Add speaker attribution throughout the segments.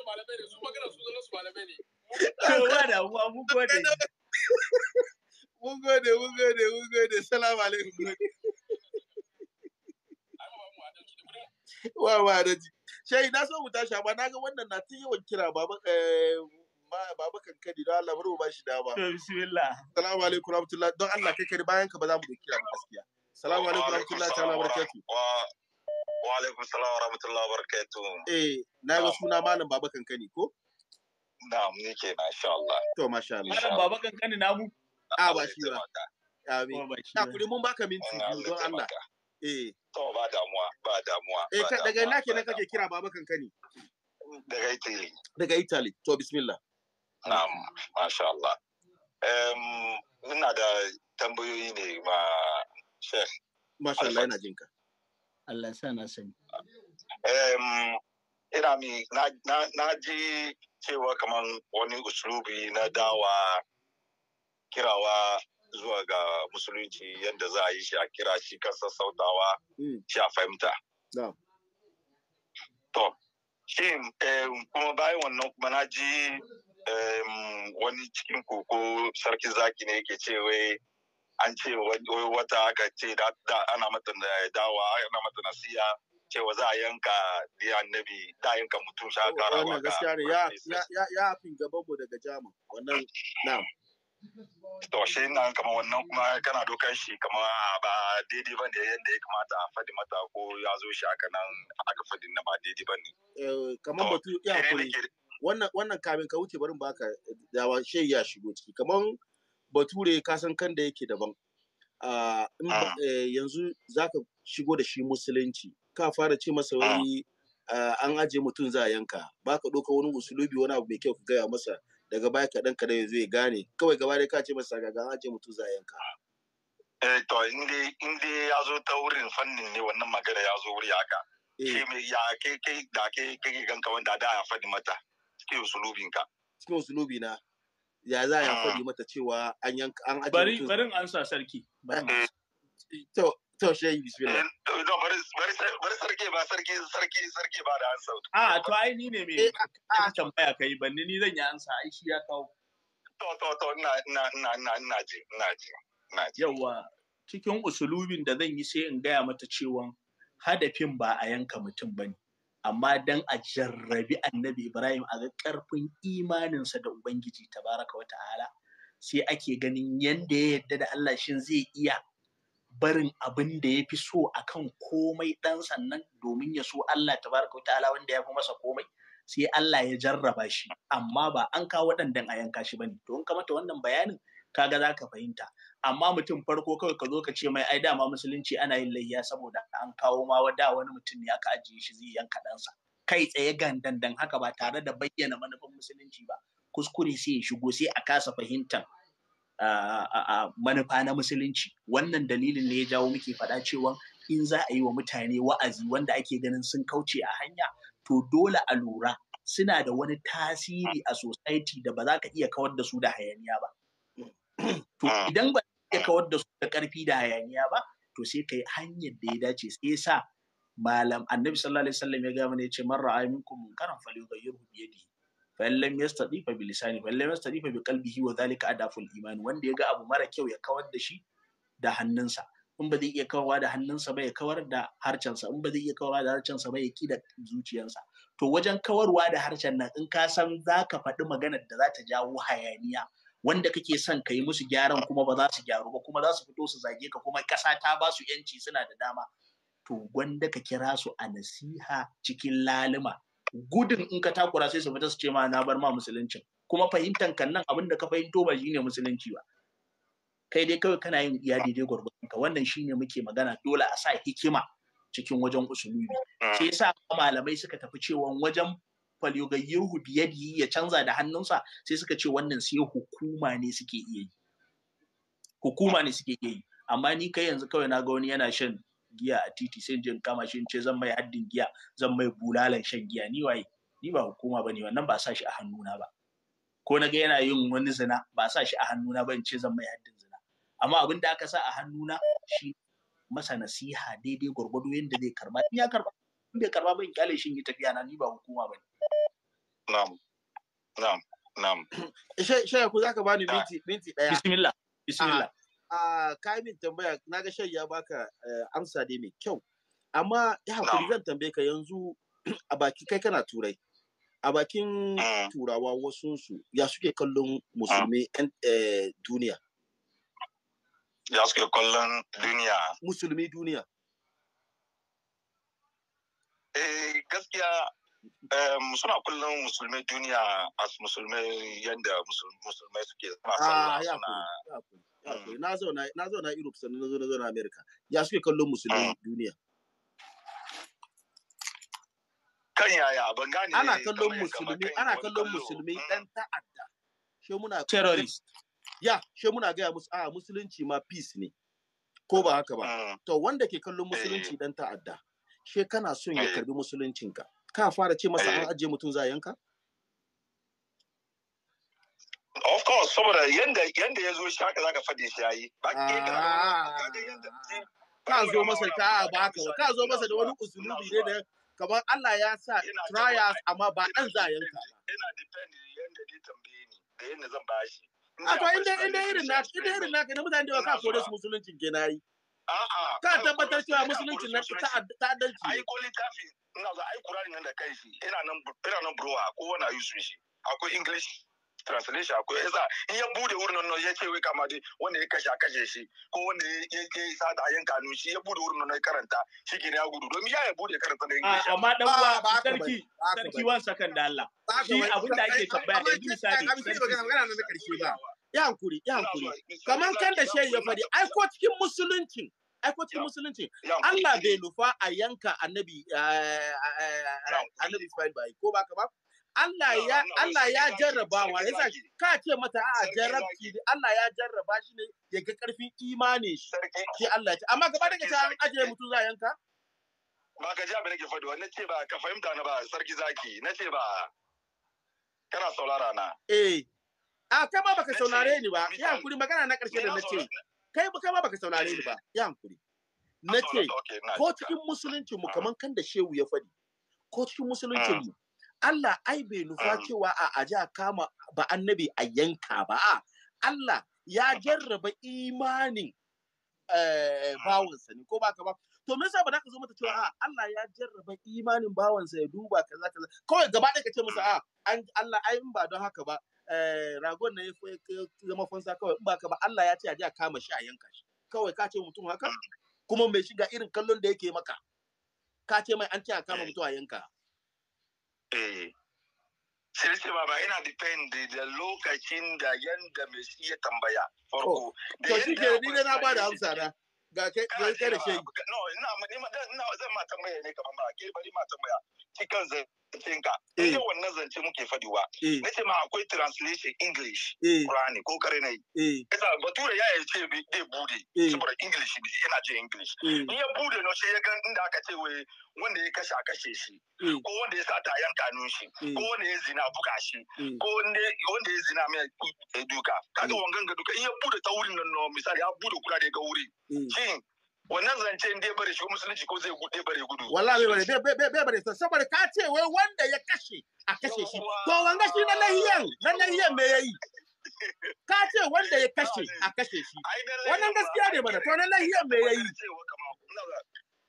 Speaker 1: da malamai ne su magana su zama su malamai
Speaker 2: ne ba da mun gode mun gode mun gode mun gode salamu alaikum wa wa shai na so mu tashi amma na ga
Speaker 1: wannan na ta yawan kira baba eh, baba kankani don Allah bari mu bashi dama to bismillah
Speaker 2: assalamu alaikum rahmatullahi don Allah kai kai bayan ka ba za mu da kira gaskiya assalamu alaikum rahmatullahi ta'ala barakatuh Wa alaikum salam wa rahmatullahi wa barakatuh.
Speaker 1: Eh, na ga ah. suna malam baba kankani ko?
Speaker 2: Na'am, ni ke na insha Allah.
Speaker 1: To masha Allah. Malam baba kankani namu? A ah, ba shi ba. Amin. Na kudi mun baka minti biyu don Allah. Eh. To ba damuwa,
Speaker 2: ba damuwa. Eh, daga ina
Speaker 1: kenan kake kira baba
Speaker 2: kankani? Daga Italy.
Speaker 1: Daga Italy. To bismillah.
Speaker 2: Na'am, masha Allah. Um, ina da tambayoyi ne ma Sheikh.
Speaker 1: Masha Allah yana jinka. Allah sa na sani. Ina mi
Speaker 2: na ji cewa kamar wani usulubi na dawa kirawa zuwa ga musulunci yadda za a yi shi a kira shi kan sassautawa hmm. shi a fahimta. To, shi kuma bayan wannan kuma na ji wani cikin koko sarki zaki ne yake cewa an ce wata aka ce da ana mata dawa ana mata nasiya cewa za a yanka ya annabi da yanka mutum sha kara ba ga ya ya ya fin gaban mu daga jama wannan na'am to shi na kama wannan kuma kana dokan shi kama ba daidai ba ne yadda ya kamata a faɗi mata ko ya zo shi aka nan aka faɗi na ba daidai ba ne eh, kamar batu ya kuri
Speaker 1: wannan wannan kamin ka wuce barin baka dawa shi ya shigo ciki kamar bature ka san kan da yake daban ah. eh, yanzu za ka shigo da shi musulunci ka fara ce masa ah. wani an aje mutum za a yanka ba ka ɗauka wani usulubi wani abu mai kyau ka gaya masa daga baya kaɗan kaɗan yanzu ya gane kawai gaba dai ka ce masa ga an aje mutum za a yanka.
Speaker 2: eh to in dai ya zo ta wurin fannin ne wannan magana ya zo wuri haka ke eh. mai ya kai kai da
Speaker 1: kai kai ganka wanda da ya faɗi mata cikin usulubin ka. cikin usulubi na. ya za ya ah. faɗi mata cewa
Speaker 2: an yanka an ajiye bari bari
Speaker 1: an sa sarki eh.
Speaker 2: to to shey bismillah eh, bari bari bari sarki ba
Speaker 1: sarki sarki sarki ba da ansa ah to ai ni ne me eh, ah. tambaya kai ban ni zan yi ansa ai shi ya kawo to to to na na na na na ji na ji na ji yawa cikin usulubin da zan yi sai in gaya mata cewa hadafin ba a yanka mutum bane amma dan a jarrabi annabi Ibrahim a ga ƙarfin imaninsa da Ubangiji tabaraka wa ta'ala sai ake ganin yanda ya yadda da Allah shin zai iya barin abin da ya fi so kan komai ɗan sannan domin ya so Allah tabaraka wa ta'ala wanda ya fi masa komai sai Allah ya jarraba shi amma ba an kawo waɗandan a yanka shi bane to in kamata wannan bayanin kaga za ka fahimta amma mutum farko kawai ka zo ka ce mai ai dama musulunci ana yin layya saboda an kawo ma da wani mutum ne aka ajiye shi zai yanka ɗansa kai tsaye gandandan haka ba tare da bayyana manufan musulunci ba kuskure sai ya shigo sai a kasa fahimtar manufa na musulunci wannan dalilin ne ya jawo muke faɗa cewa in za a yi wa mutane wa'azi wanda ake ganin sun kauce a hanya to dole a lura suna da wani tasiri a society da ba za ka iya kawar da su da hayaniya ba to ah. idan ba ya ah. kawar da su da karfi da hayaniya ba to sai kai hanyar da ya dace sai ya sa malam annabi sallallahu alaihi wasallam ya ga mana yace man ra'a minkum munkaran falyughayyirhu bi yadihi fa in lam yastati fa bi lisani fa in lam yastati fa bi qalbihi wa dhalika adaful iman wanda ya ga abu mara kyau ya kawar da shi da hannunsa in ba zai iya kawarwa da hannunsa ba ya kawar da harcensa in ba zai iya kawarwa da harcensa ba ya ki da zuciyarsa to wajen kawarwa da harshen nan in ka san za ka faɗi maganar da za ta jawo hayaniya wanda kake son ka yi musu gyaran kuma ba za su gyaru ba kuma za su fito su zage ka kuma ƙasa ta ba su yanci suna da dama to wanda ka kira su a nasiha cikin laluma, gudun in ka takura sai su fita su ce ma na bar ma musuluncin kuma fahimtan kan nan abin da ka fahimto ba shine musulunci ba kai dai kawai kana yin iya daidai gwargwadon ka wannan shine muke magana dole a sa hikima cikin wajen usulubi mm. sai sa malamai suka tafi cewa wajen falyughayyirhu biyadihi ya canza da hannunsa sai suka ce wannan sai hukuma ne suke iya yi hukuma ne suke iya yi amma ni kai yanzu kawai na ga wani yana shan giya a titi sai jin kama shi ce zan mai haddin giya zan mai bulalan shan giya ni waye ni ba hukuma ba ne wannan ba sa shi a hannuna ba ko na ga yana yin wani zina ba sa shi a hannuna ba in ce zan mai haddin zina amma abin da aka sa a hannuna shi masa nasiha daidai gwargwado yadda zai karba in ya karba in bai karba ban kyale shi yi tafiya na ni ba hukuma ba. na'am na'am na'am eh, shaya ku zaka bani minti minti daya bismillah bismillah a ah, ah, kai min tambaya na ga shayya baka eh, amsa dai mai kyau amma ya hakuri zan tambaye ka yanzu a baki kai kana turai a bakin mm. turawa wasunsu ya suke kallon musulmi yan mm. eh, duniya
Speaker 2: ya suke kallon duniya musulmi duniya eh gaskiya suna kullum musulmai duniya a musulmai yadda musulmai suke ah, suna sallah
Speaker 1: suna mm. na zo na zauna Europe sannan na zo na zauna America ya suke kallon
Speaker 2: musulmai mm. duniya
Speaker 1: kan yaya ban gane ana kallon musulmi ana kallon musulmi dan mm. ta'adda shi muna terrorist ya shi muna gaya musu a ah, musulunci ma peace ne ko ba haka ba to wanda ke kallon eh. musulunci dan ta'adda she kana son ya eh. karbi musuluncinka ka fara ce masa an eh. ajiye mutum za yanka
Speaker 2: of course saboda yanda yanda ya zo shi haka zaka fade shi yayi ka zo masa ka baka
Speaker 1: ah. ka zo masa da wani usulubi ne da kamar Allah ya sa trials amma ba dan za yanka
Speaker 2: ina depend yanda dai tambaye ni da yanda zan bashi a ah, to inda inda irin naka, inda irin naka,
Speaker 1: kai mutane da ka kore su musuluncin ke nayi Ka tabbatar cewa musulunci na ta ta'addanci. Ai ko
Speaker 2: littafi ina za ai Qur'ani nan da kai shi ina nan ina nan burowa ko wani ayu su shi. Akwai English translation akwai yasa in ya bude wurin nan ya ce wai kama dai wanda ya kashe a kashe shi ko wanda ya ke sa da yan kanu shi ya bude wurin nan ya karanta shi ke ya gudu domin ya ya bude karanta da English. Amma dan uwa sarki sarki wan
Speaker 1: sakan da Allah. Shi abin da ake tabbaya yanzu misali. Ya hankuri ya hankuri.
Speaker 2: Kamar kan da shehu
Speaker 1: ya fadi ai ko cikin musulunci aikwacin musulunci Allah bai nufa a yanka annabi eh, eh, eh, annabi Ismail bai ko baka ba Allah ya Allah ya jarrabawa yasa ka ce mata a jarrabki Allah ya
Speaker 2: jarraba shi ne
Speaker 1: ya ga karfin imani shi
Speaker 2: ke Allah ce amma gaba daga can ajiye mutum za yanka ba ka ji abin da ke faɗi na ce ba ka fahimta na ba sarki zaki na ce ba kana saurara na
Speaker 1: eh a kai ma baka saurare ni ba ya kuri magana na karshe da na ce kai ba kai ma baka saurare ni ba ya hankuri na ce ko cikin musulunci mu ah. kaman kan da shehu ya faɗi ko cikin musulunci ah. mu Allah ai bai nufa ah. cewa a aji kama ba annabi a yanka ba Allah ya jarraba imanin eh, bawansa ne ko ba ka ba to me yasa ba za ka zo mata cewa a Allah ya jarraba imanin bawansa ya duba kaza kaza kawai gaba ɗaya ka ce masa a Allah ai in ba don haka ba Eh, ragon na ya zama fansa kawai in baka ba Allah ya ce a je a kama shi a yanka shi kawai ka ce mutum haka kuma mai shiga irin kallon da yake maka ka ce mai an ce a kama eh. mutum a yanka
Speaker 2: eh sai ce baba ina depend da lokacin da yanda mai shi ya tambaya farko to shi ke ni na ba da amsa na ga kai kai da shi no ina ina zan ma tambaya ne kamar ba ke bari ma tambaya cikin zai ka eh zance muke faɗi ba eh. nace ma akwai translation english eh. qur'ani ko kare eh. bature ya yace bi dai bude saboda english english in ya bude no sai ya ga inda aka ce wai wanda ya kashe a kashe shi ko wanda ya sata yan kanun shi ko wanda ya zina buka shi ko ya zina mai duka kaga wangan ga duka in ya bude ta wurin nan no misali ya bude kura da ga wuri shin wannan zance in dai bare shi musulunci ko zai gude bare gudu wallahi bare
Speaker 1: bare bare bare saboda ka ce wai wanda ya kashe a kashe shi to wanga shi na lahiyan na lahiyan me yayi ka ce wanda ya kashe a kashe shi wannan gaskiya ne bana to na lahiyan me yayi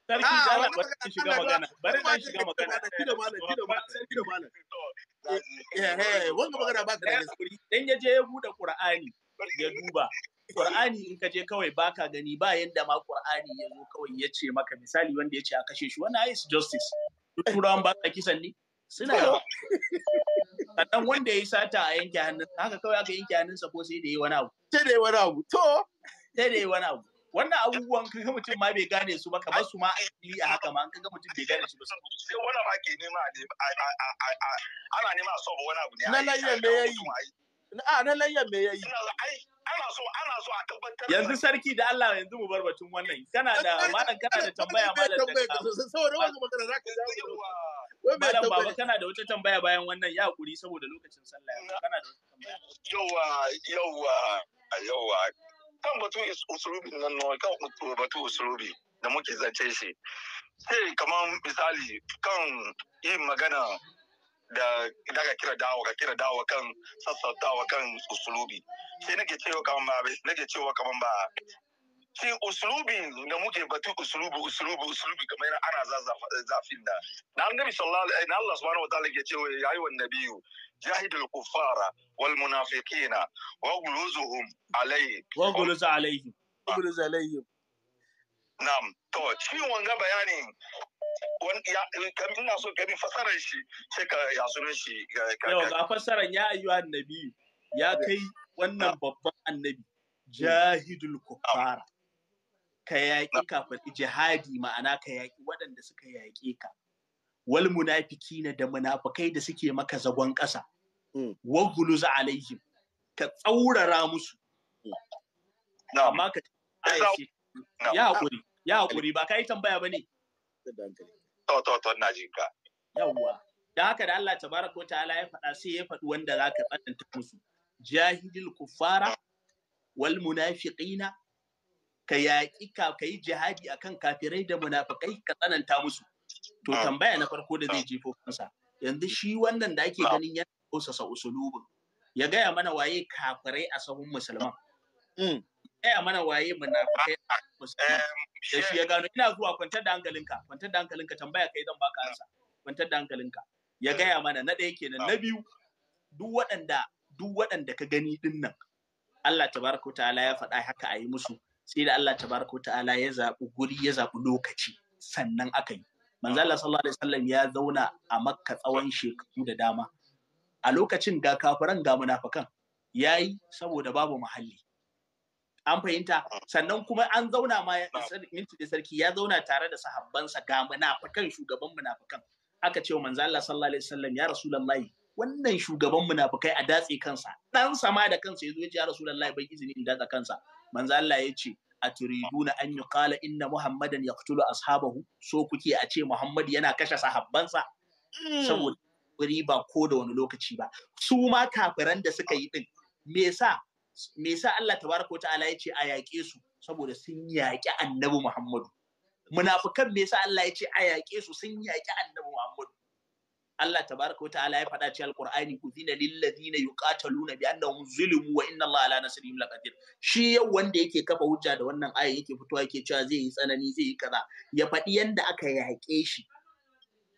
Speaker 2: sarki da ah, ba
Speaker 1: bari shiga magana bari dan shiga magana ki da malam ki da malam ki da malam eh eh, eh wanga magana ba ka da gaskiya dan yaje ya bude qur'ani ya duba Qur'ani in ka je kawai baka gani ba yanda ma Qur'ani ya zo kawai ya ce maka misali wanda ya ce a kashe shi wannan is justice. Duk turawan ba sa kisan ne? Suna yawa. Sannan wanda ya yi sata a yanke hannun haka kawai aka yanke hannunsa ko sai da yi wani abu. Sai da yi wani abu. To. Sai da yi wani abu. Wannan abubuwan kan ga mutum ma bai gane su ba ka basu ma
Speaker 2: yi a haka ma an ka ga mutum bai gane su ba. Sai wani ma ke nema ana nema a so wani abu ne. Na nan ya yi. yayi.
Speaker 1: a ah, na layyan me ya yi yanzu sarki da Allah yanzu mu bar batun wannan kana da malam kana da tambaya malam saboda
Speaker 2: wannan magana zaka Malam
Speaker 1: Baba kana da wata tambaya bayan wannan ya hakuri saboda lokacin
Speaker 2: sallah kana da wata tambaya yawa yawa yawa kan batu usulubi nan nawa kan batu usulubi da muke zance shi sai kamar misali kan yin magana da idan ka kira dawo ka kira dawo kan sassautawa kan usulubi sai nake cewa kaman ba nake cewa kaman ba shi usulubi da muke batu usulubi usulubi usulubi kamar yana ana zafin da na annabi sallallahu alaihi na Allah subhanahu ta'ala ke cewa ya yi nabiyu jahidul kufara wal munafiqina wa guluzuhum alayhi
Speaker 1: wa guluzu alaihi guluzu alayhi
Speaker 2: na'am to ciwon ga bayanin ina so gami fasaran shi sai ka ya sunan shi yau ga fasaran
Speaker 1: ya ayyu annabi ya kai wannan ah. babban annabi hmm. jahidul kuffara ah. ka yaƙi kafin jihadi ma'ana ka yaƙi waɗanda suka yaƙe ka wal munafikina da munafikai da suke maka zagon ƙasa hmm. wa guluza alaihim ka tsaurara musu hmm. amma ka ya haƙuri ya haƙuri ba ka yi tambaya ba ne yawwa da haka da Allah tabaraka wa ta'ala ya faɗa sai ya faɗi wanda za ka tsananta musu jahidil kuffara wal munafiqina ka yaƙi ka yi jihadi akan kafirai da munafikai ka tsananta musu to tambaya na farko da zai jefo kansa yanzu shi wannan da ake ganin yana kausasa usulubin ya gaya mana waye kafirai a sahun musulman hmm. tsaya mana waye munafikai da shi ya gano ina zuwa kwantar da hankalinka kwantar da hankalinka tambaya kai zan baka ansa kwantar da hankalinka ya gaya mana na ɗaya kenan na biyu duk waɗanda duk waɗanda ka gani din nan Allah tabaraka ta'ala ya faɗa haka a yi musu sai da Allah tabaraka ta'ala ya zaɓi guri ya zaɓi lokaci sannan aka yi manzo Allah sallallahu alaihi wasallam ya zauna a Makka tsawon shekaru da dama a lokacin ga kafiran ga munafikan yayi saboda babu muhalli an fahimta ah. sannan kuma an zauna ma minti da sarki ya zauna tare da sahabbansa ga munafikan shugaban munafikan aka ce wa manzo Allah sallallahu alaihi wasallam ya rasulullahi wannan shugaban munafikai a datse kansa dan sama da kansa yazo ya ya rasulullahi bai izini in datsa kansa manzo Allah ya ce a na an yi kala inna muhammadan yaqtulu ashabahu so kuke a ce muhammad yana kashe sahabbansa mm. saboda wuri ba ko da wani lokaci ba su ma kafiran da suka yi din me yasa me yasa Allah tabaraka ta'ala ya ce a yaƙe su saboda sun yaƙi annabi Muhammadu munafikan me yasa Allah ya ce a yaƙe su sun yaƙi annabi Muhammadu Allah tabaraka ta'ala ya faɗa cikin Alƙur'ani udhina lil ladina yuqataluna bi annahum zulimu wa inna Allah ala nasrihim laqadir shi yau wanda yake kafa hujja da wannan aya yake fitowa yake cewa zai yi tsanani zai yi kaza ya faɗi yanda aka yaƙe shi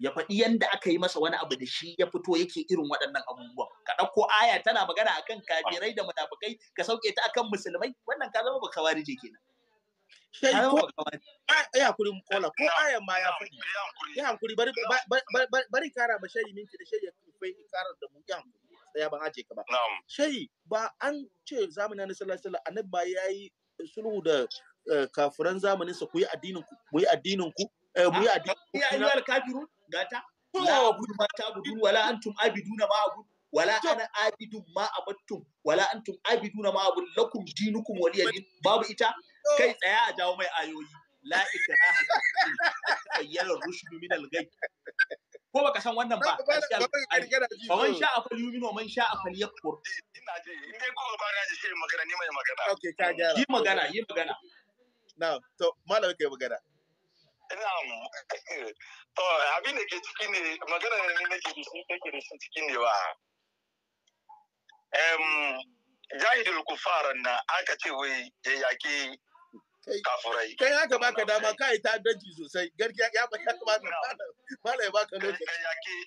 Speaker 1: ya faɗi yanda aka yi masa wani abu da shi ya fito yake irin waɗannan abubuwan ka ɗauko aya tana magana akan kafirai da munafukai ka sauke ta akan musulmai wannan ka zama baka warije kenan ya hankuri kola ko Aya ma ya faɗi ya hankuri bari kara ma shayi minti da shayi ya kai karar da mu ya hankuri tsaya ban aje ka ba shayi ba an ce zamanin na sallallahu alaihi annabi ba yi sulhu da eh, kafiran zamanin sa ku yi addinin ku ku yi addinin ku Eh, mu ah, ya ya ayyuhal kafirun gata la abudu ma ta'budun wala antum abiduna ma abudu wala ana abidun ma abattum wala antum abiduna ma abud lakum dinukum waliya din babu ita kai tsaya a jawo mai ayoyi la ikraha
Speaker 2: ayyana rushdu min al-ghay ko baka san wannan ba ba man sha
Speaker 1: afal yumino man sha afal yakfur eh,
Speaker 2: ina ji in dai ko ba na ji sai magana ni mai magana okay ka ga yi magana yi
Speaker 1: magana na to malam yi magana
Speaker 2: Na'am. To abin da ke ciki ne magana da ni nake take da shi ciki ne ba. Em jahidul kufaran na aka ce wai ya yaki kafurai.
Speaker 1: Kai baka dama kai ta danci sosai. Gargiya ya baka baka mala ya baka
Speaker 2: lokaci.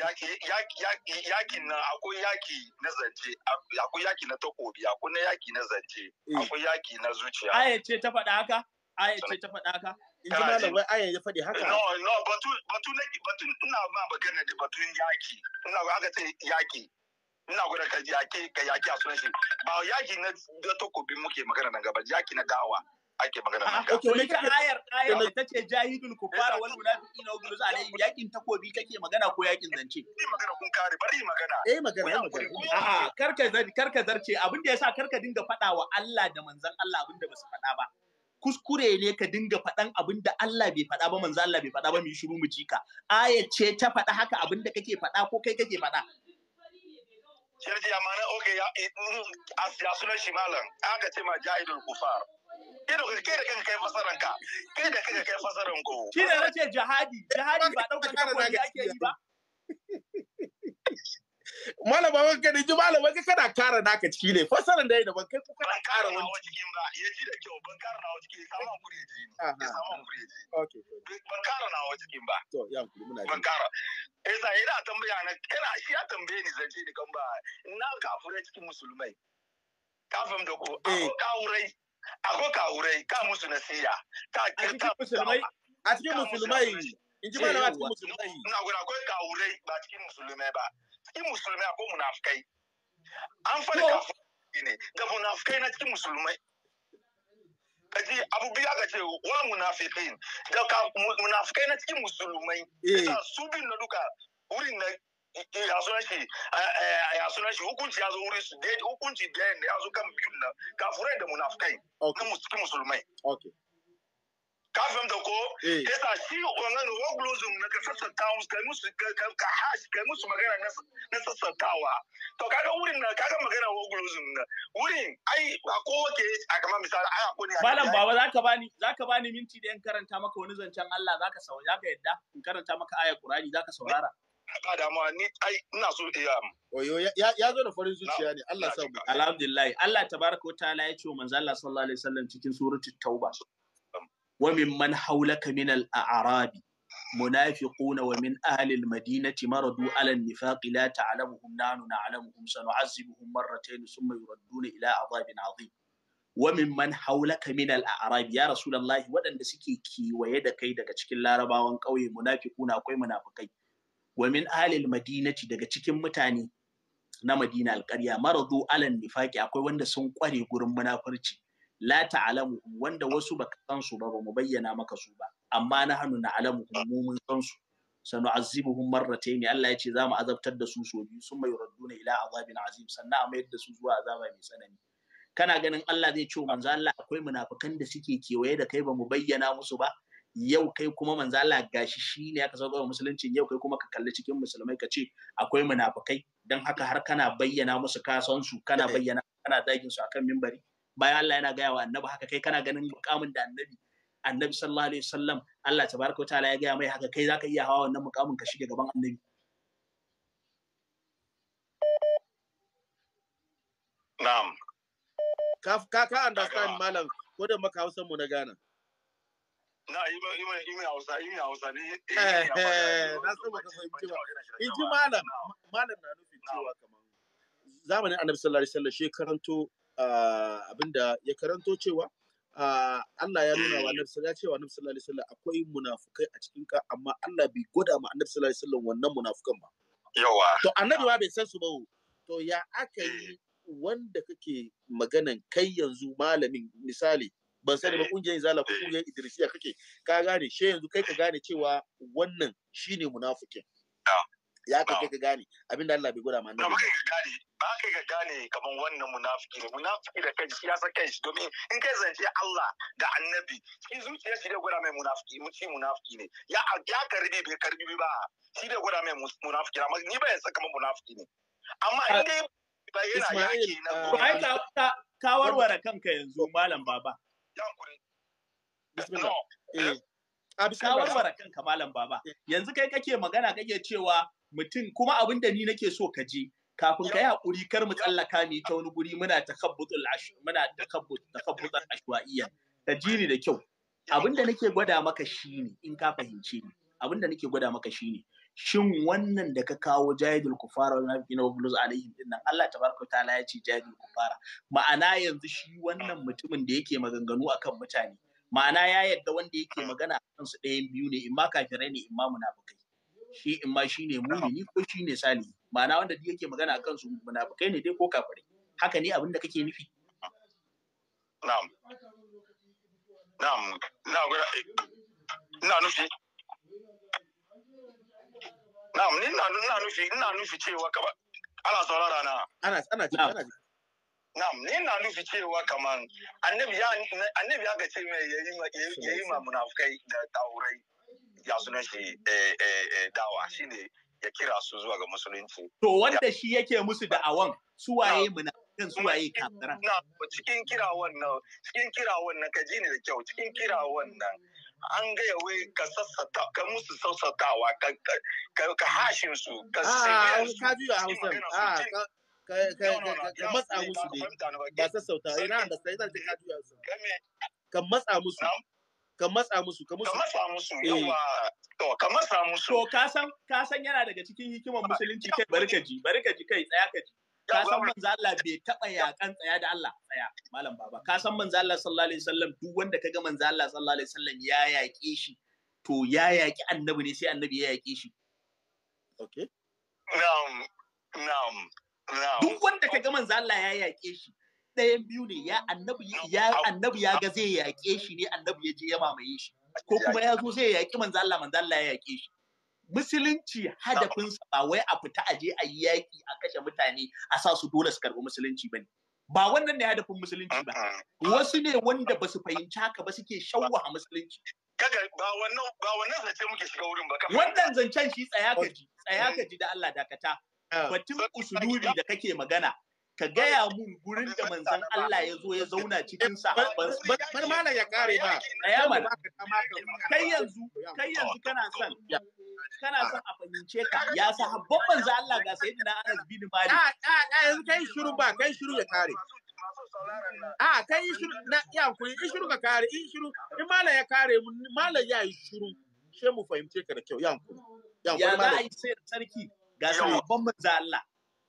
Speaker 2: Yaki yaki yaki na akwai yaki na zance akwai yaki na takobi akwai na yaki na zance eh. akwai yaki na zuciya.
Speaker 1: ce ta faɗa haka? Aya ce ta faɗa haka? in ji malam wai ayan ya faɗi haka no
Speaker 2: no batu batu na batu ina ma magana da batun yaki ina ga aka ce yaki ina gwada ka yaki ka yaki a sunan shi ba yaki na
Speaker 1: da takobi muke magana nan gaba yaki na dawa ake magana nan gaba ah, okay ita ayar ayar da tace jahidul kufara wal munafiqina wa bilus alayhim yakin takobi kake magana ko yakin zance ni magana kun kare bari magana eh magana magana a'a karka zarce abin da yasa karka dinga faɗa wa Allah da manzon Allah abin da basu faɗa ba kuskure ne ka dinga faɗan abin da Allah bai faɗa ba manzo Allah bai faɗa ba mu shiru mu jika ayat ce ta faɗa haka abin da kake faɗa ko kai kake faɗa
Speaker 2: Sharji amana oke ya eh, mm, ya sunan shi malam aka ce ma jahilul kufar kai da kanka kai fasaran ka kai da kanka kai fasaran ko shi ne
Speaker 1: ce jihadi jihadi ba dauka kan ake yi ba malama wanka ne ji malama ka kana kara naka ciki ne fasaran da da ban kai
Speaker 2: ko kana kara wani ciki ba ya ji da kyau ban kara nawa ciki samu kuri ji ya samu kuri ji okay ban kara nawa ciki ba to ya kuri muna ban kara eh sai ina tambaya na kana shi ya tambaye ni zance da kan ba na kafure cikin musulmai kafin da ko eh. kawurai akwai kawurai ka musu nasiya ka kirta musulmai a cikin musulmai in ji malama cikin eh, musulmai ina gura akwai kawurai ba cikin musulmai ba cikin musulmai akwai munafukai an faɗi kafin ne da munafukai na cikin musulmai kaji abu biya ka ce wa munafiqin da ka munafukai na cikin musulmai isa eh. su bin na duka wurin na ya na shi ya na shi hukunci ya zo wurin su hukunci da ya zo kan biyun nan kafurai da munafukai na cikin musulmai ka fahimta ko eh. yasa shi wannan wagulozum na ka sassantawa kai musu ka yi kai musu magana na sassantawa to kaga wurin na kaga magana wagulozum na wurin ai a ko wake a kama misali ai a ko ne malam baba zaka
Speaker 1: bani zaka bani minti da in karanta maka wani zancen Allah zaka sauya zaka yadda in karanta maka ayar Qur'ani zaka saurara ba damuwa ni ai ina so iya eh, oyo ya zo da farin zuciya ne Allah sa alhamdulillah Allah tabaraka wa ta'ala ya ce wa manzo Allah sallallahu alaihi wasallam cikin suratul tauba wa mimman haulaka min al-a'rabi munafiquna wa min ahli madinati maradu ala an-nifaqi la ta'lamuhum nahnu na'lamuhum sanu'azzibuhum marratayn thumma yuradduna ila adhabin 'azim wa mimman haulaka min al-a'rab ya rasulullahi waɗanda suke kiwaye da kai daga cikin larabawan ƙauye munafiquna akwai munafikai wa min ahlil madinati daga cikin mutane na madina alƙarya maradu alan nifaqi akwai wanda sun ƙware gurin munafurci la ta'lamu wanda wasu baka san su ba ba mu bayyana maka su ba amma nahnu na'lamu mu mun san su sanu'azzibuhum marratayn Allah yace mu azabtar da su sobi biyu summa yuradduna ila azabin azim sannan a mayar da su zuwa azaba mai tsanani kana ganin Allah zai ce manzo Allah akwai munafikan da suke kewaye da kai ba mu bayyana musu ba yau kai kuma manzo Allah gashi shine aka sauka musulunci yau kai kuma ka kalli cikin musulmai ka ce akwai munafikai dan haka har kana bayyana musu kasansu kana bayyana kana dagin su akan mimbari bayan Allah yana gaya wa annabi haka kai kana ganin mukamin da annabi annabi sallallahu alaihi wasallam Allah tabaraka wataala ya gaya mai haka kai zaka iya hawa wannan mukamin ka shige gaban annabi na'am ka ka ka understand malam ko da maka Hausa mu na Ghana
Speaker 2: na yi mai yi mai hausa yi mai hausa ne eh eh, eh na san baka fahimci ba in ji malam malam na nufin cewa kamar.
Speaker 1: zamanin annabi sallallahu alaihi wasallam shi karanto Ah, abinda ya karanto cewa ah, Allah ya nuna wa Annabi ya ce wa Annabi sallallahu alaihi wasallam akwai munafukai a cikin ka amma Allah bai gwada ma Annabi sallallahu alaihi wasallam wannan munafukan ba yawa to Annabi ba bai san su ba to ya aka yi wanda kake maganan kai yanzu malamin misali ban sani ba kungiyar eh. izala ko kungiyar idrisiya kake ka gane she yanzu kai ka gane cewa wannan shine munafukin ya ka kai ka gane abin da Allah bai gwada ma annabi
Speaker 2: ba ka ga gane kaman wannan munafiki ne munafiki da kanshi ya saka shi domin in kai zance Allah da annabi shi zuciya shi da gwada mai munafiki mutum munafiki ne ya ya karbi bai karbi ba shi da gwada mai munafiki amma ni ba ya kaman munafiki ne amma in dai ba yana yaki na ko
Speaker 1: uh, ka warware kanka yanzu malam baba bismillah eh ah, a bisa warware kanka malam baba eh. yanzu kai kake magana kake cewa mutum kuma abin da ni nake so ka je kafin ka yi haƙuri kar mu tsallaka ni ta wani guri muna takabbutul muna takabbut ashwaiya ka ji ni da kyau abin da nake gwada maka shine in ka fahimce ni abin da nake gwada maka shine shin wannan da ka kawo jahidul kufara wa nafi na wabluz alaihim dinnan Allah tabaraka ta'ala ya ce jahidul kufara ma'ana yanzu shi wannan mutumin da yake maganganu akan mutane ma'ana ya yarda wanda yake magana akan su ɗayan biyu ne imma kafirai ne imma munafikai shi in ma shine mumini ko shine salihi ma'ana wanda duk yake magana akan su munafikai ne dai ko kafirai haka ne abin da kake nufi
Speaker 2: na'am na'am ina nufi na'am ni ina nufi ina nufi cewa kaba ana saurara na
Speaker 1: ana ana ana
Speaker 2: na'am ni ina nufi cewa kaman annabi ya annabi ya ga ce mai yayi yayi ma munafikai da taurai ya sunan shi eh, eh, eh, dawa shine ya kira su zuwa ga musulunci.
Speaker 1: To wanda shi yake musu da'awan suwaye suwaye waye
Speaker 2: cikin kira nan cikin kira wannan, ka ji ni da kyau cikin kira nan an gaya wai ka sassata ka musu sassatawa ka ka hashin su ka ah,
Speaker 1: su ah, ka juya Hausa ka matsa musu ka ba sassauta ka da sai ka juya su ka matsa musu ka matsa musu ka musu ka matsa musu eh. yawa to ka matsa musu to ka san ka san yana daga cikin hikimar musulunci kai barkaji barkaji kai tsaya ka ji ka san manzo Allah bai taba yakan tsaya da Allah tsaya malam baba ka san manzo Allah sallallahu alaihi wasallam duk wanda kaga manzo Allah sallallahu alaihi wasallam ya yaƙe shi to ya yaƙi annabi ne sai annabi ya yaƙe shi okay na'am na'am na'am duk wanda kaga manzo Allah ya yaƙe shi ɗayan biyu ne ya annabi ya annabi ya ga zai yaƙe shi ne annabi ya je ya mamaye shi ko kuma ya zo zai yaƙi manzo Allah manzo Allah ya yaƙe shi musulunci sa ba wai a fita aje a yi yaƙi a kashe mutane a sa su dole su karɓi musulunci bane ba wannan ne hadafin musulunci ba wasu ne wanda ba su fahimci haka ba suke shawwa a musulunci
Speaker 2: kaga ba wannan ba wannan zance muke shiga wurin ba
Speaker 1: wannan zancen shi tsaya ka ji tsaya ka mm. ji da Allah dakata eh. batun usuluri da kake magana ka gaya mun gurin da manzan Allah ya zo ya zauna cikin eh, sahabban bar malam ya kare ba ya kai yanzu kai yanzu kana son kana ah. son a fahimce ka ya sahabban manzan Allah ga sayyidina Anas bin Malik a ah, a ah, yanzu kai shiru ba kai shiru ya kare
Speaker 2: a kai shiru na
Speaker 1: ya kuri shiru ka kare in shiru in malam ya kare mun malam ya yi shiru sai mu fahimce ka da kyau ya kuri ya za a yi sai sarki ga sahabban manzan Allah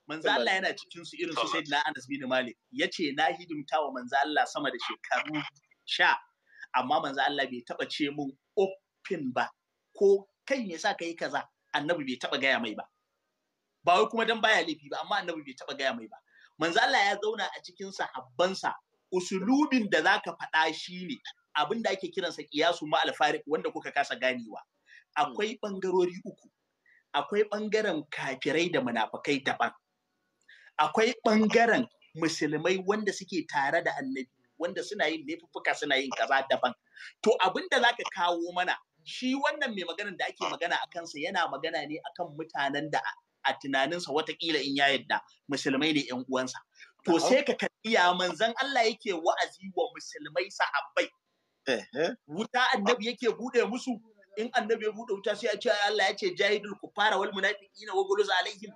Speaker 1: manzo Allah yana cikin su irin su da Anas bin Malik yace na hidimta wa manzo Allah sama da shekaru sha amma manzo Allah bai taba ce mun open ba ko kan yasa yi kaza annabi bai taba gaya mai ba ba wai kuma dan baya laifi ba amma annabi bai taba gaya mai ba manzo Allah ya zauna a cikin sahabbansa usulubin da zaka faɗa ne. abin da ake kiran sa kiyasu ma al-fariq wanda kuka kasa ganewa hmm. akwai bangarori uku akwai bangaren kafirai da munafukai daban akwai ɓangaren musulmai wanda suke tare da annabi wanda suna yin laifuffuka suna yin kaza daban to abin da zaka kawo mana shi wannan mai maganar da ake magana a kansa yana magana ne akan mutanen da a tunaninsa watakila in ya yadda musulmai ne yan uwansa to sai ka kadiya manzon Allah yake wa'azi wa musulmai sahabbai wuta annabi yake bude musu in annabi ya bude wuta sai a ce Allah ya ce jahidul kufara wal munafiqina wa guluz alaihim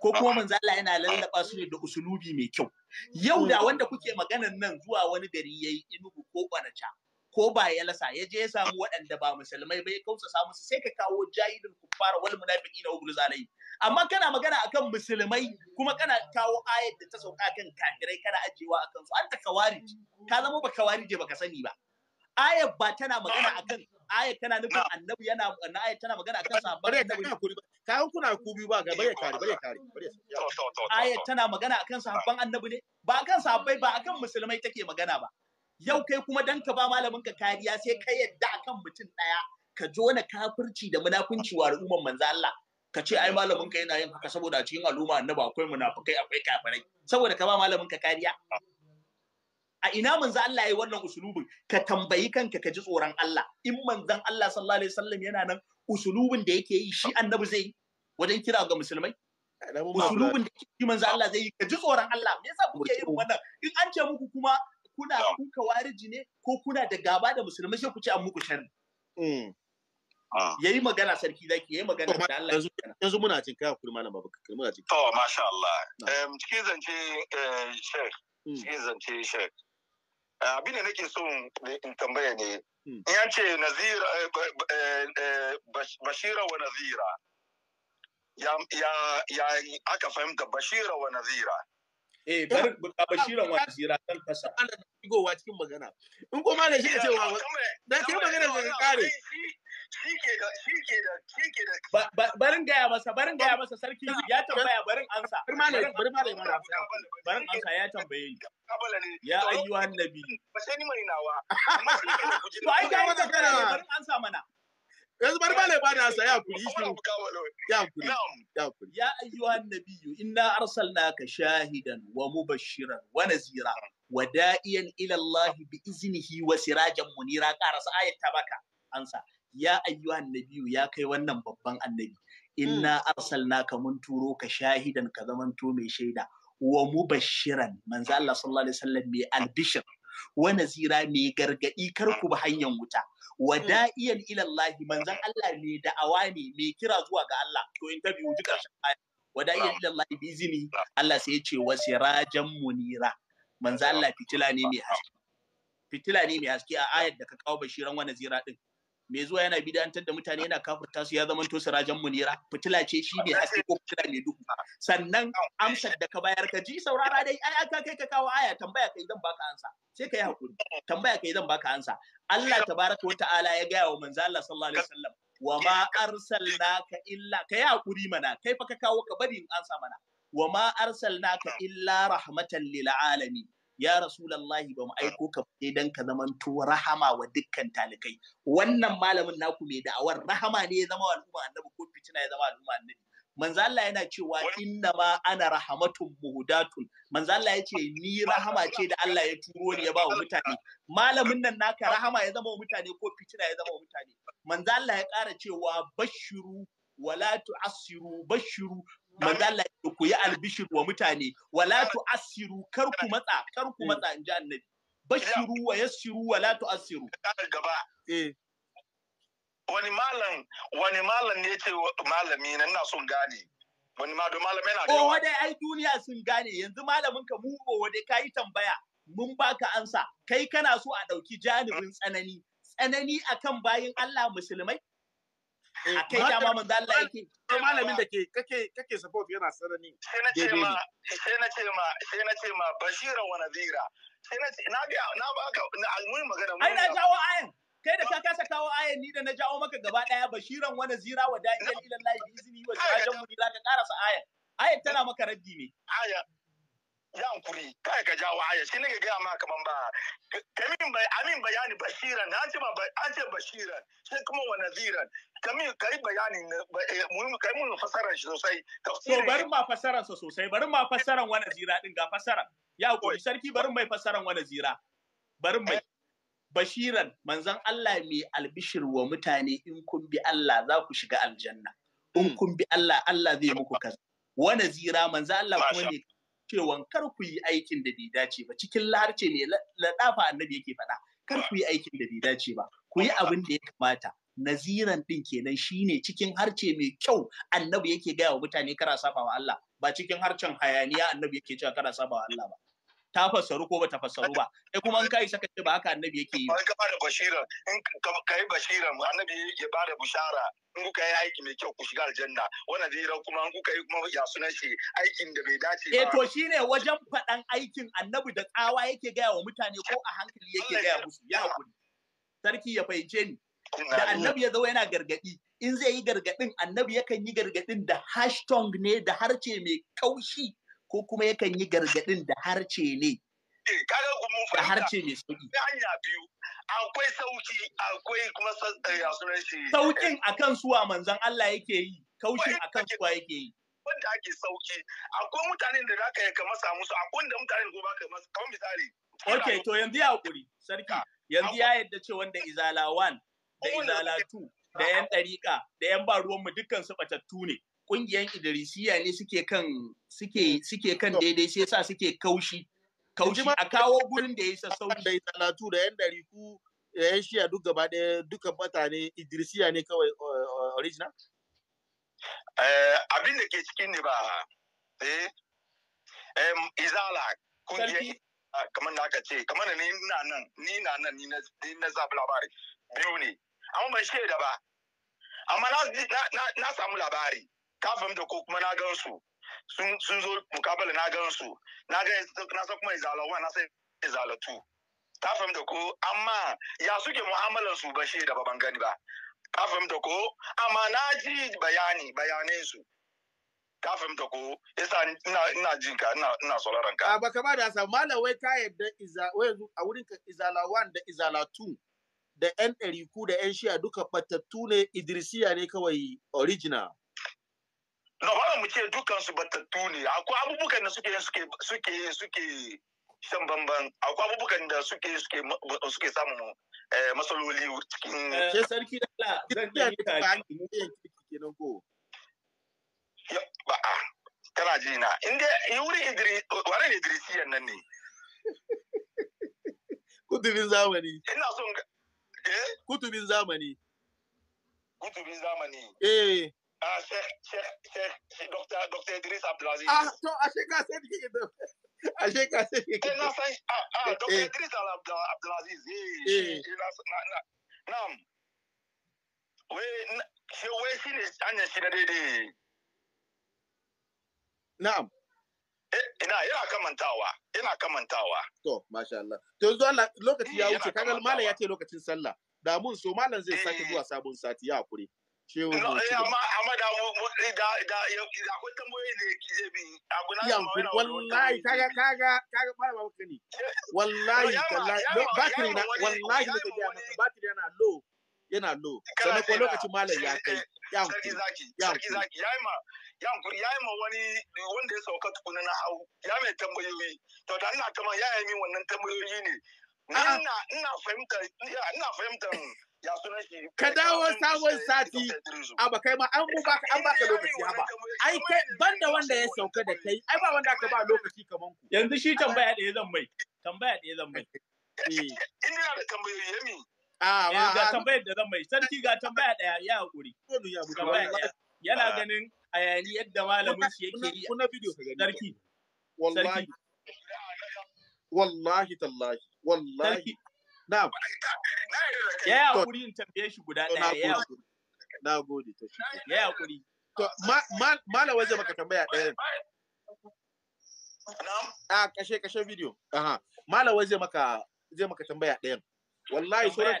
Speaker 1: ko kuma manzo Allah yana lallaba su ne da usulubi mai kyau yau da wanda kuke maganan nan zuwa wani gari yayi inugu ko kwanacha ko ba ya lasa ya je ya samu waɗanda ba musulmai ba ya kausa samu su sai ka kawo jahilin kuffara wal munafiqin na ugruz zalai amma kana magana akan musulmai kuma kana kawo ayat da ta sauka kan kafirai kana ajewa akan su anta kawarij ka zama ba kawarije baka sani ba ayar ba tana magana akan ayar tana nufin annabi yana na ayar tana magana akan sahabban annabi kayan kuna ku biyu ba ga bare kare bare kare ayar tana magana akan sahabban annabi ne ba akan sahabbai ba akan musulmai take magana ba yau kai kuma dan ka ba malamin ka kariya sai ka yadda akan mutum daya ka jona kafirci da munafunci wa al'umman manzo Allah ka ce ai malamin ka yana yin haka saboda cikin al'umma annabi akwai munafikai akwai kafirai saboda ka ba malamin ka kariya a ina manzo Allah yayi wannan usulubin ka tambayi kanka ka ji tsoron Allah in manzon Allah sallallahu alaihi wasallam yana nan usulubin da yake yi shi annabi zai yi wajen kira ga musulmai usulubin da yake manzo Allah zai yi ka ji tsoron Allah
Speaker 2: me yasa kuke yin wannan
Speaker 1: in an ce muku kuma kuna kuka wariji ne ko kuna da gaba da musulmai sai ku ce an muku sharri hmm. ah. yayi magana sarki zaki yayi magana da Allah yanzu muna cin kai kuma malam babu muna cin
Speaker 2: to masha Allah eh, hmm. cikin zance sheikh cikin zance sheikh abin da nake so in tambaya ne hmm. in an ce eh, eh, eh, bashira wa nazira ya aka fahimta bashira wa nazira eh bar bashira wa
Speaker 1: nazira dan fasa
Speaker 2: ana shigowa
Speaker 1: cikin magana in kuma ne shi ke cewa da ke magana da kare da da da barin gaya masa barin gaya masa sarki ya tambaya barin ansa bari malai malai mara barin ansa ya tambaye
Speaker 2: ni ya ayyuha
Speaker 1: annabi ba sai ni mai nawa to ai ga mata kana barin ansa mana yanzu bari ba da ya kuri shi ya kuri ya kuri ya ayyuha annabi inna arsalnaka shahidan wa mubashiran wa nazira wa da'iyan ila bi iznihi wa sirajan munira karasa ayat ansa ya ayyuhan annabiyu ya kai wannan babban annabi hmm. inna arsalnaka mun turo ka shahidan ka zamanto mai shaida wa mubashiran manzo Allah sallallahu alaihi wasallam mai albishir wa nazira mai gargadi kar ku bi hanyar wuta wa hmm. da'iyan ila Allah manzo Allah mai da'awa ne mai kira zuwa ga Allah to interview ji karshen aya wa da'iyan ila Allah bi izini Allah sai ya ce wa sirajan munira manzo Allah fitila ne mai haske fitila ne mai haske a ayar da ka kawo bashiran wa nazira din mai zuwa yana bid'antar da mutane yana kafurta su ya zama to sirajan munira fitila ce shi ne haske ko fitila mai duhu sannan amsar da ka bayar ka ji saurara dai ai aka kai ka kawo aya tambaya kai zan baka ansa sai kai hakuri tambaya kai zan baka ansa Allah tabaraka wa ta'ala ya gaya wa manzo Allah sallallahu alaihi wasallam wa ma arsalnaka illa kai hakuri mana kai fa ka kawo ka bari in ansa mana wa ma arsalnaka illa rahmatan lil alamin ya rasulallahi ba mu aiko ka sai dan ka zamanto rahama wa dukkan talikai wannan malamin naku mai da'awar rahama ne ya zama al'umma annabi ko fitina ya zama al'umma annabi manzo Allah yana cewa inna ma ana rahamatun muhudatun manzo Allah ya ce ni rahama ce da Allah ya turo ni ya ba wa mutane malamin nan naka rahama ya zama wa mutane ko fitina ya zama wa mutane manzo Allah ya kara cewa bashiru wala tu'asiru bashiru manzo Allah ya ku yi albishir wa mutane wala tu'assiru kar ku matsa kar ku matsa inji annabi bashiru wa yassiru wala tu'assiru gaba eh
Speaker 2: wani malam wani malam ne ce malami na ina son gane wani ma do malamai na da oh, yawa wadai ai
Speaker 1: duniya sun gane yanzu malamin ka mu ko wadai kai tambaya mun baka ansa kai kana so a dauki janibin tsanani tsanani akan bayin Allah musulmai
Speaker 2: a eh, kai dama manzo Allah yake malamin da ke kake kake support yana sanani sai na ce ma sai na ce ma sai na ce ma bashira wa Nazira, sai na ce na ga na ba ka almuhi magana ai na jawo
Speaker 1: ayan kai da ka kasa kawo ayan ni da na jawo maka gaba daya bashiran wa nazira wa da'iyan ila Allah bi izini wa shahadan munira ka karasa ayan ayan tana maka raddi ne
Speaker 2: aya yan kuri kai ka jawo aya shi ne ka gaya ma kaman ba kamin bai amin bayani basiran na ce an ce basiran sai kuma wa naziran kamin kai bayani eh, muhimmi kai mun fasaran shi sosai so bari
Speaker 1: ma fasaran sa sosai bari ma fasaran wa nazira din ga fasara. ya ko sarki bari mai fasaran wa nazira bari mai bashiran manzon Allah mai albishir wa mutane in kun bi Allah za ku shiga aljanna in hmm. kun bi Allah Allah zai muku kaza wa nazira manzon Allah kuma ne cewan kar ku yi aikin da bai dace ba cikin laharce ne ladafa annabi yake faɗa kar ku yi aikin da bai dace ba ku yi abin da ya kamata naziran din kenan shine cikin harce mai kyau annabi yake gaya wa mutane kara saba wa Allah ba cikin harcen hayaniya annabi yake cewa kara saba wa Allah ba ta fassaru ko bata fassaru ba sai kuma in kai saka ce ba haka annabi yake yi ka
Speaker 2: bada bashira in ka yi bashira annabi ya bada bushara in kuka yi aiki mai kyau ku shiga aljanna wannan zai kuma in kuka yi kuma ya sunan shi aikin da bai dace ba eh to shine
Speaker 1: wajen faɗan aikin annabi da tsawa yake gaya wa mutane ko a hankali yake gaya musu ya hakuri sarki ya fahimce ni da annabi ya zo yana gargadi in zai yi gargadin annabi yakan yi gargadin da hashtag ne da harce mai kaushi ko kuma yakan yi gargadin da harce ne eh,
Speaker 2: kaga kuma da harce ne sauki hanya biyu akwai sauki akwai kuma eh, eh, saukin akan
Speaker 1: suwa manzon Allah yake yi kaushin akan suwa yake yi
Speaker 2: wanda ake sauki akwai mutanen da zaka yi ka masa musu akwai da mutanen da baka masa kamar misali Ok, to
Speaker 1: yanzu ya hakuri sarki ah, yanzu ya yadda ce wanda izala 1 da izala 2 da yan ɗariƙa da yan ba ruwanmu dukkan su ɓatattu ne kungiyan Idrisiya ne suke kan suke hmm. suke kan daidai sai sa suke kaushi kaushi a kawo gurin da ya sa sauki da talatu da yan
Speaker 2: dariku ku,
Speaker 1: yan shiya duk gaba ɗaya duka mutane Idrisiya ne
Speaker 2: kawai original eh, abin da ke cikin ne ba eh izala kungiyan kamar da aka ce kamar da ni na nan ni na nan ni na zaɓi labari biyu ne amma ban shaida ba amma na samu labari ka fahimta ko kuma na gan su sun zo mukabala na gan su na ga na san kuma wa na san tu ta fahimta ko amma ya suke mu'amalar su ba shi da baban gani ba ka fahimta ko amma na ji bayani bayanan su ka fahimta ko yasa ina ina jin ka ina ina sauraron
Speaker 1: ka a baka ba da sa malam wai ka yadda iza wai yanzu a wurin ka izala 1 da izala 2 da yan ɗariku da yan shiya duka batattu ne idrisiya ne kawai original
Speaker 2: no mu ce dukkan su batattu ne akwai abubukan da suke suke suke suke shan bamban akwai abubukan da suke suke suke samu eh, masaloli cikin eh, ke sarki Allah zan yi ka
Speaker 1: kenan ko
Speaker 2: ya ba a kana ji na inda yuri idri wani idrisiyan nan ne
Speaker 1: kutubin zamani ina son eh kutubin zamani
Speaker 2: kutubin zamani eh Ah, Sheikh Dr. Idriss Abdelaziz. Ah, to, a Sheikh Hassan kike A Sheikh Hassan Ah, ah, Dr. Idriss Abdelaziz. Eh, na'am. Wai na daidai. ina yana kamantawa ina kamantawa
Speaker 1: to masha Allah to zuwa lokaci ya wuce kaga malam ya ce lokacin sallah da mun so malam zai eh. sake zuwa sabon sati ya hakuri Shehu eh, Bauchi. Amma
Speaker 2: amma da eh, da akwai bi. wallahi kaga kaga kaga ba ne. Wallahi wallahi battery na wallahi ta ga maka battery yana low.
Speaker 1: yana lo sannan ko lokacin malam ya kai
Speaker 2: ya ya ya ma ya ya ma wani wanda ya sauka tukuna na hau ya mai to da ya yi min wannan ne ina ina ina
Speaker 1: ka dawo sabon sati a bakai ma an mu baka an baka lokaci haba ai kai banda wanda ya sauka da kai ai ba wanda ka ba lokaci kaman ku yanzu shi tambaya ɗaya zan mai tambaya ɗaya zan mai eh.
Speaker 2: ina da tambayoyi yami
Speaker 1: ah eh, ba ga tambayar da zan mai sarki ga tambaya ɗaya ya hakuri tambaya ɗaya yana ah. ganin ayani yadda malamin shi yake yi kuna bidiyo ka gani sarki wallahi wallahi tallahi wallahi Na Ya hakuri in tambaye shi guda ɗaya. Na gode. Ya hakuri. To mala waje maka tambaya ɗaya. A kashe kashe bidiyo. Aha. Mala waje maka zai maka tambaya ɗayan. Wallahi sauran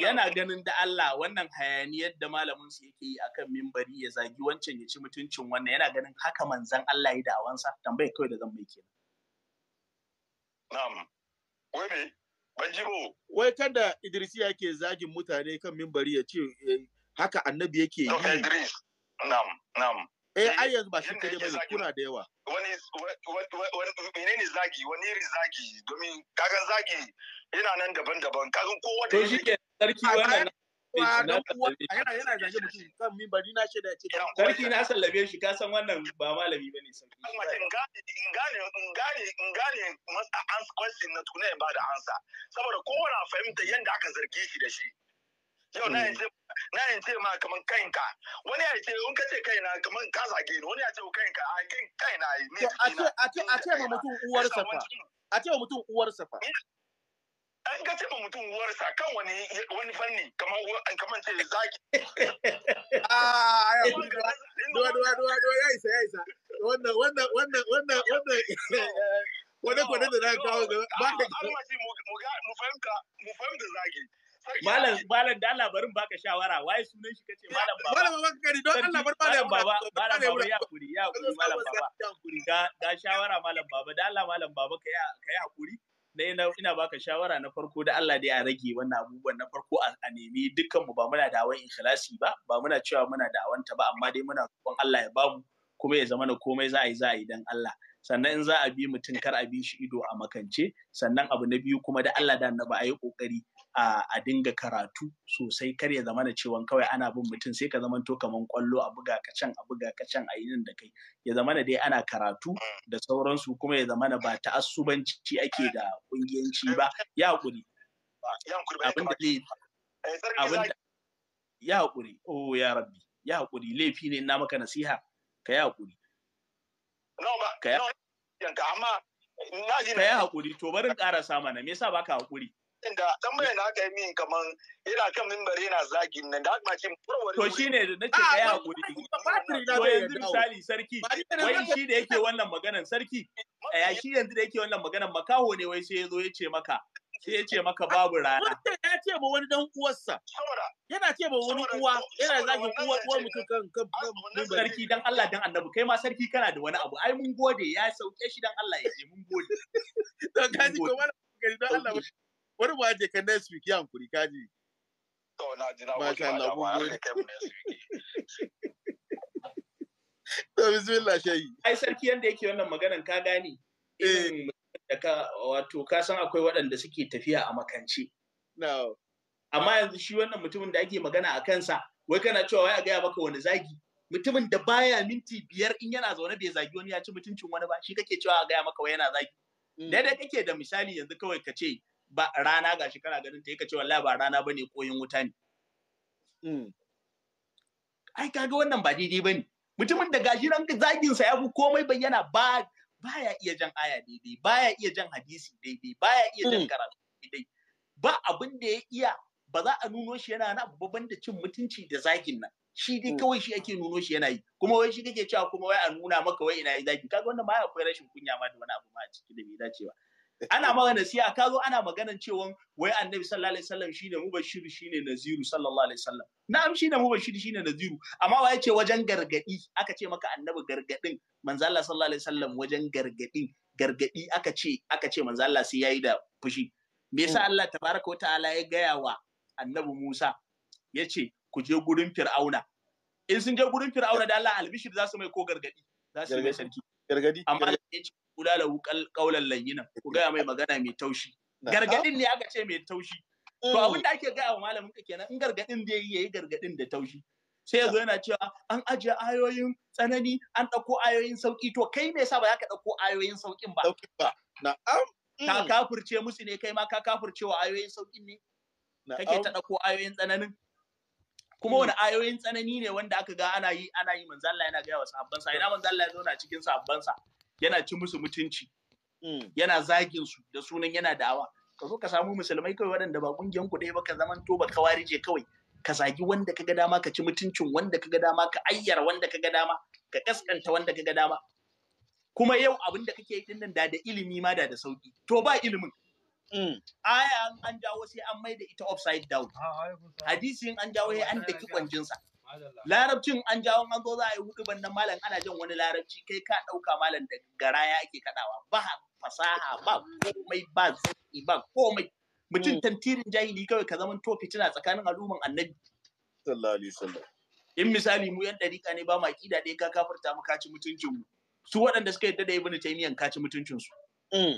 Speaker 1: yana ganin da Allah wannan hayaniyar da malamin su yake yi akan mimbari ya zagi wancan ya ci mutuncin wannan yana ganin haka manzan Allah ya da awansa tambayar kawai da zan mai kenan. Na'am. Wai me? Wai kada Idris ya ke zagin mutane kan mimbari ya ce eh, haka annabi yake yi. Okay, Idris.
Speaker 2: Nam, nam. Eh, ai yanzu ba shi kaje kuna da yawa. Wani wani menene zagi, wani ne zagi domin kakan zagi yana nan daban-daban. kakan kowa da
Speaker 1: To sarki wannan
Speaker 2: yana zage mutum kan mimbari ce da sarki
Speaker 1: na sallabe shi ka san wannan ba malami bane sarki
Speaker 2: in gane in gane in masa answer question na tunai ba da ansa saboda kowa na fahimta yanda aka zargi shi da shi yau na hmm. yanzu na yanzu ma kaman wani ya ce in ka kaina kaman ka ni wani ya ce oh, kanka a kan kaina ne a
Speaker 1: ce a ce ma mutum uwarsa fa a ce mutum uwar fa
Speaker 2: an ka ma mutum uwarsa kan wani wani fanni kamar an kamar ce zaki ah ya wannan na kawo ga ba Malam
Speaker 1: da baka shawara waye sunan shi
Speaker 2: kace malam baba Malam baba
Speaker 1: don Allah bar malam baba shawara malam baba da malam baba ka ya hakuri na ina baka shawara na farko da Allah dai a rage wannan abubuwan na farko a nemi dukkan ba muna da awan ikhlasi ba ba muna cewa muna da awanta ba amma dai muna roƙon Allah ya bamu kuma ya zama na komai za a yi za a yi dan Allah sannan in za a bi mutum kar a bi shi ido a makance sannan abu na biyu kuma da Allah da annaba a yi kokari a dinga karatu sosai kar ya zama da cewa kawai ana bin mutum sai ka zamanto kaman kwallo a buga ka can a buga ka can a yi nan da kai ya zama da dai ana karatu da sauransu kuma ya zama da ba ta'assubanci ake da kungiyanci ba ya haƙuri, ya hakuri eh, oh ya rabbi ya haƙuri, laifi ne na maka nasiha ka ya haƙuri, ka ya hakuri to barin ƙara samana me yasa baka hakuri
Speaker 2: din da tambayar da aka yi min ce warware to
Speaker 1: shine da
Speaker 2: yanzu misali sarki wai shi
Speaker 1: da yake wannan maganar sarki shi yanzu da yake wannan maganar makaho ne wai sai ya zo ya ce maka sai ya ce maka babu rana sarki dan Allah dan annabi ma sarki kana da wani abu ai mun gode ya sauke shi dan Allah ya je mun gode bari mu aje ka next week ya hankuri kaji
Speaker 2: to na ji na gode ba a gode kai mu next week
Speaker 1: to bismillah shayi ai sarki yanda yake wannan maganan ka gane eh. da ka wato ka san akwai waɗanda suke tafiya a makance no amma yanzu shi wannan mutumin da ake magana a kansa wai kana cewa wai a gaya maka wani zagi mutumin da baya minti biyar in yana zaune bai zagi wani ya ci mutuncin wani ba shi kake cewa a gaya maka wai yana zagi daidai mm. kake da misali yanzu kawai ka ce ba rana gashi kana ganin ta yi ka wallahi ba rana bane koyin wuta ne mm. ai kaga wannan ba daidai bane mutumin da gashi nan zagin sa yafi komai bayyana ba baya iya jan aya daidai baya iya jan hadisi daidai baya iya jan mm. karatu daidai ba abin da ya iya ba za a nuno shi yana na babban da cin mutunci da zagin nan shi dai mm. kawai shi ake nuno shi yana yi kuma wai shi kake cewa kuma wai a nuna maka wai ina yi zagi kaga wannan ma akwai rashin kunya ma da wani abu ma a ciki da bai dace ba ana magana siya ka zo ana magana cewa wai annabi sallallahu alaihi wasallam shine mubashir shine naziru sallallahu alaihi wasallam na'am shine mubashir shine naziru amma wai yace wajen gargadi aka ce maka annabi gargadin manzo Allah sallallahu alaihi wasallam wajen gargadi gargadi aka ce aka ce manzo Allah sai yayi da fushi me yasa Allah tabaraka ta'ala ya gaya wa annabi Musa yace ku je gurin Fir'auna in sun je gurin Fir'auna da Allah albishir za su mai ko gargadi za su mai sarki gargadi amma yace kula lahu kaulan layyinan ku gaya mai magana mai taushi gargadin ne aka ce mai taushi to mm. abin da ake gaya wa malamin ka kenan in gargadin da yayi yayi gargadin da taushi sai yazo yana cewa an ajiye ayoyin tsanani an ɗauko ayoyin sauki to kai me yasa ba ka ɗauko ayoyin saukin ba ba na'am ka mm. kafirce musu ne kai ma ka kafirce wa ayoyin saukin ne kake ta ɗauko ayoyin tsananin kuma mm. wani ayoyin tsanani ne wanda aka ga ana yi ana yi manzo Allah yana gaya wa sahabban sa ina manzo Allah ya zauna cikin sahabban sa yana ci musu mutunci mm. yana zagin su da sunan yana dawa ka zo ka samu musulmai kawai waɗanda ba kungiyan ku ɗaya ba ka zaman to ba kawarije kawai ka zagi wanda kaga dama ka ci mutuncin wanda kaga dama ka ayyara wanda kaga dama ka kaskanta wanda kaga dama kuma yau abin da kake yi din da da ilimi ma da da sauki to ba ilimin mm. aya an jawo sai an mai da ita upside down ah, Hadisi an jawo sai an daki kwanjinsa larabcin an jawo an zo za a yi hudu bannan malam ana jan wani larabci kai ka ɗauka malam da garaya ake kaɗawa ba fasaha ba komai ba zai ba komai mutum mm. tantirin jahili kawai ka zama to fitina tsakanin al'umman annabi sallallahu alaihi wasallam in misali mu yan dariƙa ne ba ma kida ɗaya ka kafirta mu kaci mutuncin mu su waɗanda suka yadda da ibn taymiyan kaci mutuncin su mm.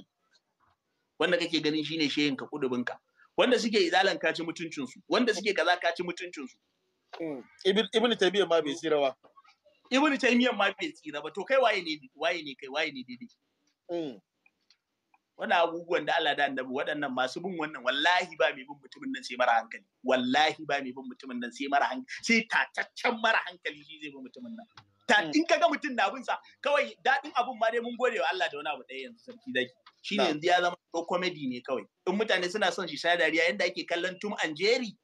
Speaker 1: wanda kake ganin shine shehin ka kudubin ka wanda suke izalan kaci mutuncin su wanda suke kaza kaci mutuncin su Mm. ibn taymiyyah ma bai mm. tsira ba ibn taymiyyah ma bai tsira ba to kai waye ne waye ne kai waye ne daidai mm. wannan abubuwan da Allah da annabi waɗannan masu bin wannan wallahi ba mai bin mutumin nan sai mara hankali wallahi ba mai bin mutumin nan sai mara hankali sai tataccen mara hankali shi zai bin mutumin nan In ka ga mutum na bin sa kawai daɗin abun ma dai mun gode wa Allah da wani abu ɗaya yanzu sarki zaki shine yanzu ya zama ko comedy ne kawai in mutane suna son shi sha dariya yanda ake kallon tum Anjeri? jerry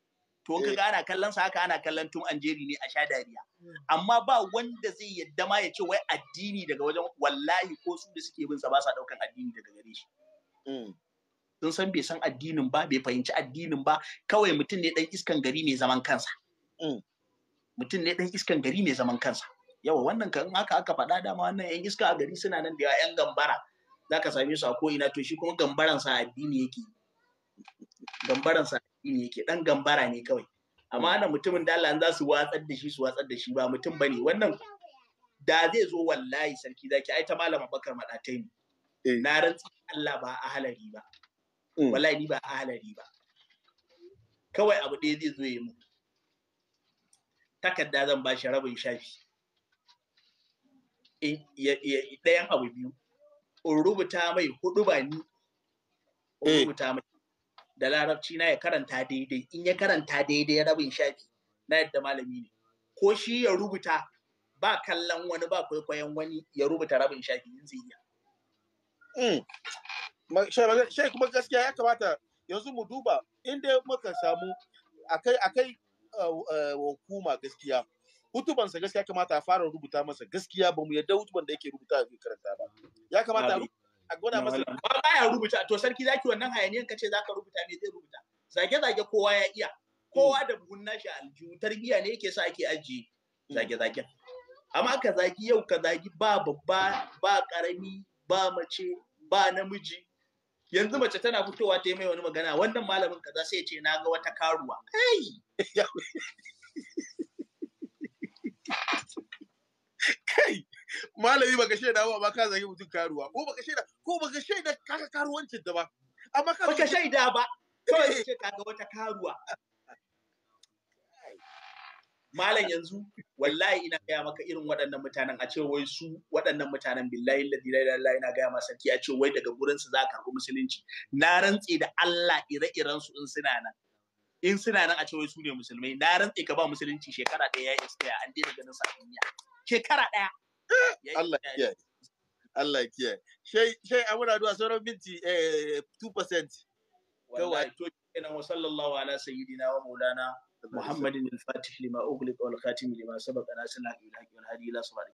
Speaker 1: to wanka eh. ga ana kallon sa haka ana kallon an anjeri ne a sha dariya hmm. amma ba wanda zai yadda ma ya ce wai addini daga wajen wallahi ko su da suke bin sa ba sa daukan addini daga gare shi hmm. sun san bai san addinin ba bai fahimci addinin ba kawai mutum ne dan iskan gari mai zaman kansa hmm. mutum ne dan iskan gari mai zaman kansa yawa wannan kan haka aka faɗa dama wannan yan iska a gari suna nan da yawa yan gambara za ka same su a ko ina to shi kuma gambaran sa addini yake gambaran sa iri yake dan gambara ne kawai amma ana mutumin da Allah za su watsar da shi su watsar da shi ba mutum bane wannan da zai zo wallahi sarki zaki ai ta malam Abubakar madatai ne eh. na rantsi Allah ba a halari ba mm. wallahi ni ba a halari ba kawai abu ɗaya zai zo yi mu takarda zan ba shi rabin shafi ɗayan abu biyu in rubuta mai hudu ba ni in eh. rubuta mai da larabci na ya karanta daidai in ya karanta daidai rabin shafi na yadda malami ne ko shi ya rubuta ba kallon wani ba kwaikwayon wani ya rubuta rabin shafi in zai iya. Hmm. Shai kuma gaskiya ya kamata yanzu mu duba inda muka samu akai akai uh, uh, hukuma gaskiya hutubansa gaskiya kamata a fara rubuta masa gaskiya ba mu yadda hutuban da yake rubuta a karanta ba ya kamata a gwada masa ba baya rubuta to sarki zaki wannan hayaniyan ce zaka rubuta me zai rubuta zage zage kowa ya iya kowa da buhun nashi aljihu tarbiya ne yake sa ake ajiye zage zage amma ka zagi yau ka zagi ba babba ba karami ba mace ba namiji yanzu mace tana fitowa ta yi mai wani magana wannan malamin kaza sai ce na ga wata karuwa kai kai malami baka shaida ba amma ka zagi mutum karuwa ko baka shaida ko baka shaida kaka karuwancin da ba amma ka baka shaida ba kawai eh. ce kaga wata karuwa malam yanzu wallahi ina gaya maka irin waɗannan mutanen a ce wai su waɗannan mutanen billahi ladi la ilaha ina gaya masa ki a ce wai daga gurin su za ka karɓi musulunci na rantse da Allah ire-iren su in suna nan in suna nan a ce wai su ne musulmai na rantse ka ba musulunci shekara ɗaya ya iska an daina ganin sa duniya shekara ɗaya Allah ya Allah ya kiyaye shai shai amuna duwa sauran minti 2% eh, kawai to kenan wa sallallahu ala sayyidina wa maulana محمد الفاتح لما أغلق والخاتم لما سبق ناصر الحق hadi إلى صراط